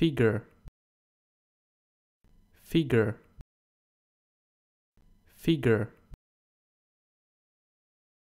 figure figure figure